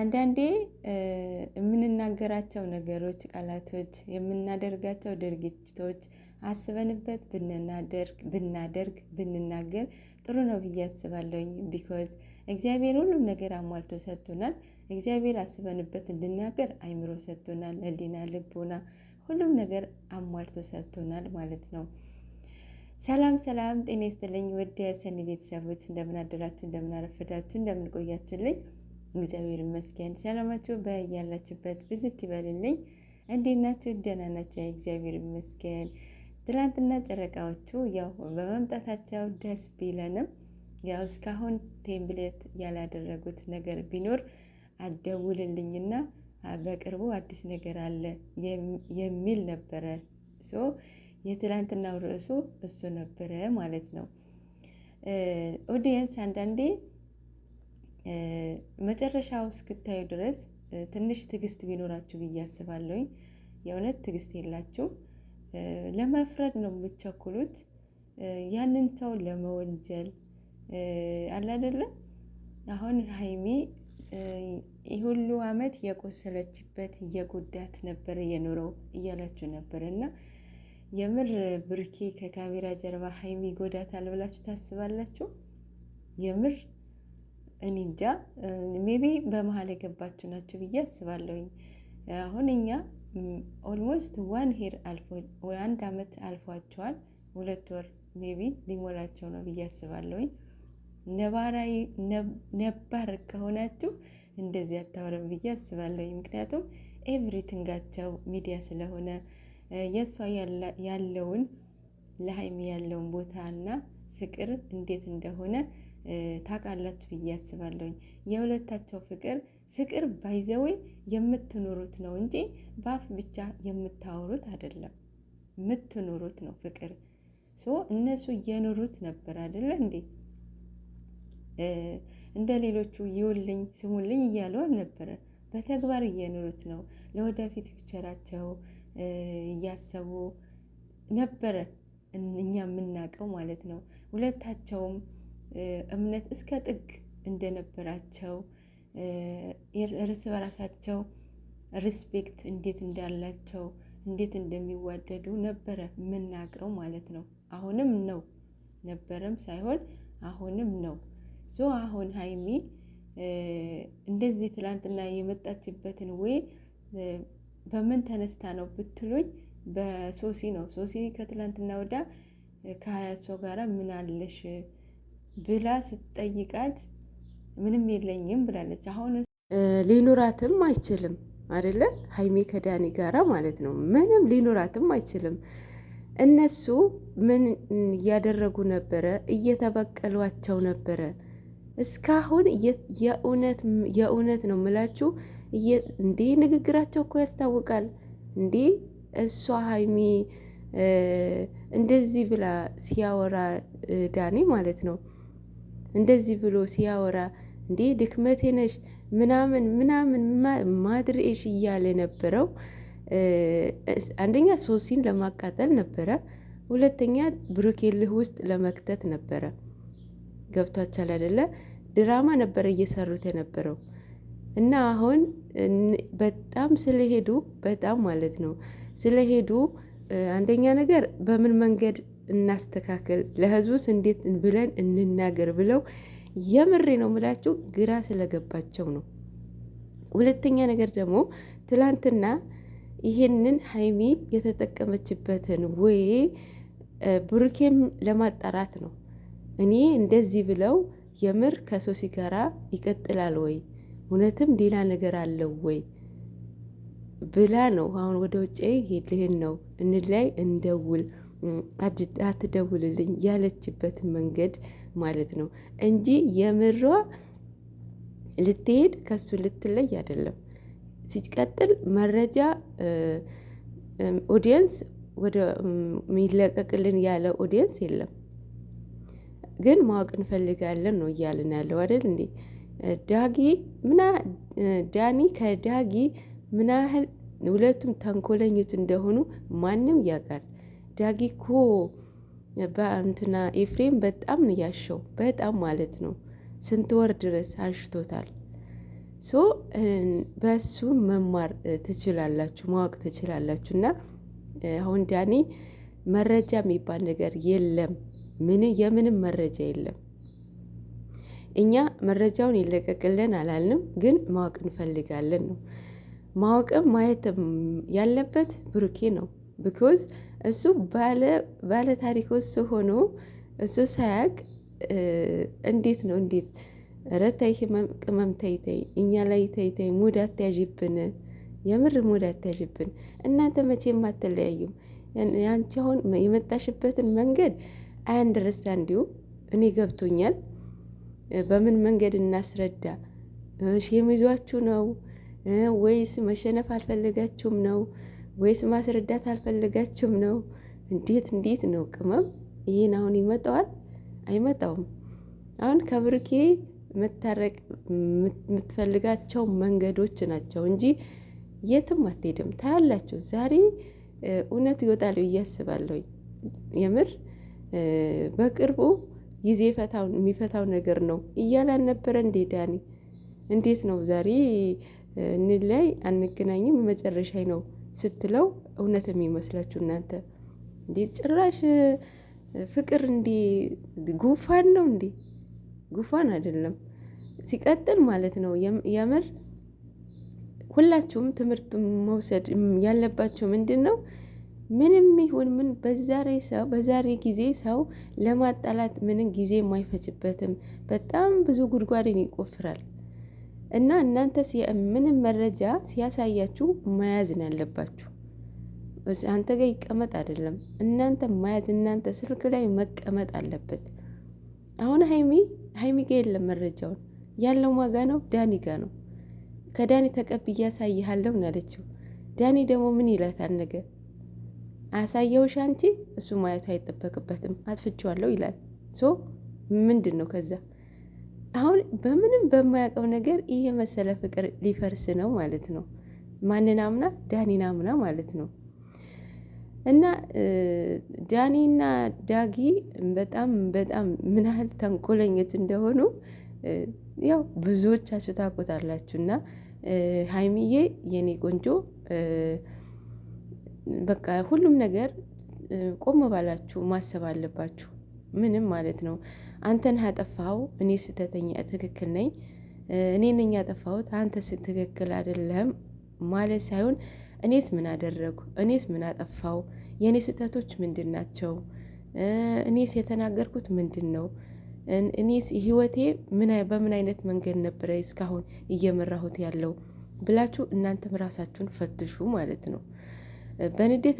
አንዳንዴ የምንናገራቸው ነገሮች፣ ቃላቶች፣ የምናደርጋቸው ድርጊቶች አስበንበት ብንናደርግ ብናደርግ ብንናገር ጥሩ ነው ብዬ አስባለሁኝ። ቢኮዝ እግዚአብሔር ሁሉም ነገር አሟልቶ ሰጥቶናል። እግዚአብሔር አስበንበት እንድናገር አይምሮ ሰጥቶናል፣ ሕሊና፣ ልቦና ሁሉም ነገር አሟልቶ ሰጥቶናል ማለት ነው። ሰላም ሰላም፣ ጤና ይስጥልኝ ውድ የሰኒ ቤተሰቦች፣ እንደምናደራችሁ፣ እንደምናረፍዳችሁ፣ እንደምንቆያችሁልኝ እግዚአብሔር ይመስገን። ሰላማችሁ በያላችሁበት ብዝት ይበልልኝ። እንዴት ናችሁ? ደህና ናቸው። እግዚአብሔር ይመስገን። ትላንትና ጨረቃዎቹ ያው በመምጣታቸው ደስ ቢለንም ያው እስካሁን ቴምፕሌት ያላደረጉት ነገር ቢኖር አደውልልኝና በቅርቡ አዲስ ነገር አለ የሚል ነበረ። ሶ የትላንትናው ርዕሱ እሱ ነበረ ማለት ነው። ኦዲየንስ አንዳንዴ መጨረሻው እስክታዩ ድረስ ትንሽ ትዕግስት ቢኖራችሁ ብዬ አስባለሁኝ። የእውነት ትዕግስት የላችሁ፣ ለመፍረድ ነው የምቸኩሉት፣ ያንን ሰው ለመወንጀል አላደለ። አሁን ሀይሚ ሁሉ አመት የቆሰለችበት እየጎዳት ነበር የኖረው እያላችሁ ነበር እና የምር ብርኬ ከካሜራ ጀርባ ሀይሚ ጎዳታል ብላችሁ ታስባላችሁ? የምር እኔ እንጃ ሜቢ በመሀል የገባችሁ ናቸው ብዬ አስባለሁኝ። አሁን እኛ ኦልሞስት ዋን ሄር አልፎ አንድ አመት አልፏቸዋል። ሁለት ወር ሜቢ ሊሞላቸው ነው ብዬ አስባለሁኝ። ነባራዊ ነባር ከሆናችሁ እንደዚህ አታወራም ብዬ አስባለሁኝ። ምክንያቱም ኤቭሪቲንጋቸው ሚዲያ ስለሆነ የእሷ ያለውን ለሀይሚ ያለውን ቦታና ፍቅር እንዴት እንደሆነ ታውቃላችሁ ብዬ አስባለሁኝ። የሁለታቸው ፍቅር ፍቅር ባይዘወይ የምትኖሩት ነው እንጂ በአፍ ብቻ የምታወሩት አይደለም። የምትኖሩት ነው ፍቅር። ሶ እነሱ እየኖሩት ነበር አይደለ እንዴ? እንደ ሌሎቹ ይውልኝ ስሙልኝ እያሉ አልነበረ። በተግባር እየኖሩት ነው። ለወደፊት ፊቸራቸው እያሰቡ ነበረ እኛ የምናውቀው ማለት ነው ሁለታቸውም እምነት እስከ ጥግ እንደነበራቸው እርስ በራሳቸው ሪስፔክት እንዴት እንዳላቸው እንዴት እንደሚዋደዱ ነበረ የምናውቀው ማለት ነው። አሁንም ነው ነበረም ሳይሆን አሁንም ነው። ዞ አሁን ሀይሚ እንደዚህ ትላንትና የመጣችበትን ወይ በምን ተነስታ ነው ብትሉኝ፣ በሶሲ ነው። ሶሲ ከትላንትና ወዳ ሰው ጋራ ምን አለሽ ብላ ስትጠይቃት ምንም የለኝም ብላለች። አሁን ሊኖራትም አይችልም አይደለ? ሀይሜ ከዳኒ ጋራ ማለት ነው። ምንም ሊኖራትም አይችልም። እነሱ ምን እያደረጉ ነበረ? እየተበቀሏቸው ነበረ። እስካሁን የእውነት ነው ምላችሁ እንዴ! ንግግራቸው እኮ ያስታውቃል። እንዴ እሷ ሀይሜ እንደዚህ ብላ ሲያወራ ዳኒ ማለት ነው እንደዚህ ብሎ ሲያወራ እንዴ ድክመቴ ነሽ ምናምን ምናምን ማድሬሽ እያለ ነበረው። አንደኛ ሶሲን ለማቃጠል ነበረ፣ ሁለተኛ ብሩኬልህ ውስጥ ለመክተት ነበረ። ገብቷቻል አይደለ? ድራማ ነበረ እየሰሩት የነበረው እና አሁን በጣም ስለሄዱ በጣም ማለት ነው ስለሄዱ አንደኛ ነገር በምን መንገድ እናስተካከል ለህዝቡስ እንዴት ብለን እንናገር ብለው የምሬ ነው ምላችሁ ግራ ስለገባቸው ነው። ሁለተኛ ነገር ደግሞ ትላንትና ይሄንን ሀይሚ የተጠቀመችበትን ወይ ብሩኬም ለማጣራት ነው። እኔ እንደዚህ ብለው የምር ከሶሲ ጋራ ይቀጥላል ወይ እውነትም ሌላ ነገር አለው ወይ ብላ ነው አሁን ወደ ውጭ ልሄድ ነው እንላይ እንደውል አትደውልልኝ ያለችበትን መንገድ ማለት ነው እንጂ የምሯ ልትሄድ ከሱ ልትለይ አይደለም። ሲቀጥል መረጃ ኦዲየንስ ወደ የሚለቀቅልን ያለ ኦዲየንስ የለም፣ ግን ማወቅ እንፈልጋለን ነው እያልን ያለው አይደል እንዴ? ዳጊ ምና ዳኒ ከዳጊ ምናህል ሁለቱም ተንኮለኞች እንደሆኑ ማንም ያውቃል። ዳጊ እኮ በእንትና ኤፍሬም በጣም ነው ያሸው፣ በጣም ማለት ነው። ስንት ወር ድረስ አሽቶታል። ሶ በሱ መማር ትችላላችሁ፣ ማወቅ ትችላላችሁ። እና አሁን ዳኒ መረጃ የሚባል ነገር የለም፣ ምን የምንም መረጃ የለም። እኛ መረጃውን ይለቀቅልን አላልንም፣ ግን ማወቅ እንፈልጋለን ነው። ማወቅም ማየት ያለበት ብሩኬ ነው። ቢኮዝ እሱ ባለ ታሪክ ውስጥ ሆኖ እሱ ሳያቅ እንዴት ነው እንዴት ረታይ ህመም ቅመም ተይተይ እኛ ላይ ተይተይ ሙድ አትያዥብን የምር ሙድ አትያዥብን እናንተ መቼም አትለያዩም ያንቺ አሁን የመጣሽበትን መንገድ አያንደርስታንድ እንዲሁ እኔ ገብቶኛል በምን መንገድ እናስረዳ ሼም ይዟችሁ ነው ወይስ መሸነፍ አልፈለጋችሁም ነው ወይስ ማስረዳት አልፈለጋችሁም ነው? እንዴት እንዴት ነው? ቅመም ይህን አሁን ይመጣዋል አይመጣውም? አሁን ከብርኬ መታረቅ የምትፈልጋቸው መንገዶች ናቸው እንጂ የትም አትሄድም። ታያላችሁ፣ ዛሬ እውነት ይወጣል ብዬ አስባለሁ። የምር በቅርቡ ጊዜ የሚፈታው ነገር ነው እያላን ነበረ እንዴ እንዴት ነው ዛሬ እንላይ አንገናኝም መጨረሻ ነው ስትለው እውነት የሚመስላችሁ እናንተ እንዴ? ጭራሽ ፍቅር እንዴ ጉንፋን ነው እንዴ? ጉንፋን አይደለም። ሲቀጥል ማለት ነው የምር ሁላችሁም ትምህርት መውሰድ ያለባቸው ምንድን ነው፣ ምንም ይሁን ምን በዛሬ ሰው በዛሬ ጊዜ ሰው ለማጣላት ምንም ጊዜ የማይፈጅበትም በጣም ብዙ ጉድጓድን ይቆፍራል። እና እናንተስ ምንም መረጃ ሲያሳያችሁ ነው ያለባችሁ አንተ ጋር ይቀመጥ አይደለም፣ እናንተ መያዝ እናንተ ስልክ ላይ መቀመጥ አለበት። አሁን ሀይሚ ሀይሚ ጋ የለም መረጃውን ያለው ማጋ ነው ዳኒ ጋ ነው። ከዳኒ ተቀብዬ ያሳይሃለሁ አለችው። ዳኒ ደግሞ ምን ይላታል ነገ አሳየውሽ አንቺ እሱ ማየቱ አይጠበቅበትም አጥፍቼዋለሁ ይላል። ሶ ምንድን ነው ከዛ አሁን በምንም በማያውቀው ነገር ይህ የመሰለ ፍቅር ሊፈርስ ነው ማለት ነው። ማንን አምና? ዳኒን አምና ማለት ነው። እና ዳኒና ዳጊ በጣም በጣም ምን ያህል ተንኮለኞች እንደሆኑ ያው ብዙዎቻችሁ ታውቁታላችሁ። እና ሀይሚዬ የኔ ቆንጆ በቃ ሁሉም ነገር ቆም ባላችሁ ማሰብ አለባችሁ። ምንም ማለት ነው። አንተን ያጠፋኸው እኔ ስህተተኛ ትክክል ነኝ፣ እኔ ነኝ ያጠፋሁት፣ አንተ ትክክል አይደለም ማለት ሳይሆን እኔስ ምን አደረጉ? እኔስ ምን አጠፋው? የእኔ ስህተቶች ምንድን ናቸው? እኔስ የተናገርኩት ምንድን ነው? እኔስ ህይወቴ በምን አይነት መንገድ ነበረ እስካሁን እየመራሁት ያለው ብላችሁ እናንተም ራሳችሁን ፈትሹ ማለት ነው። በንዴት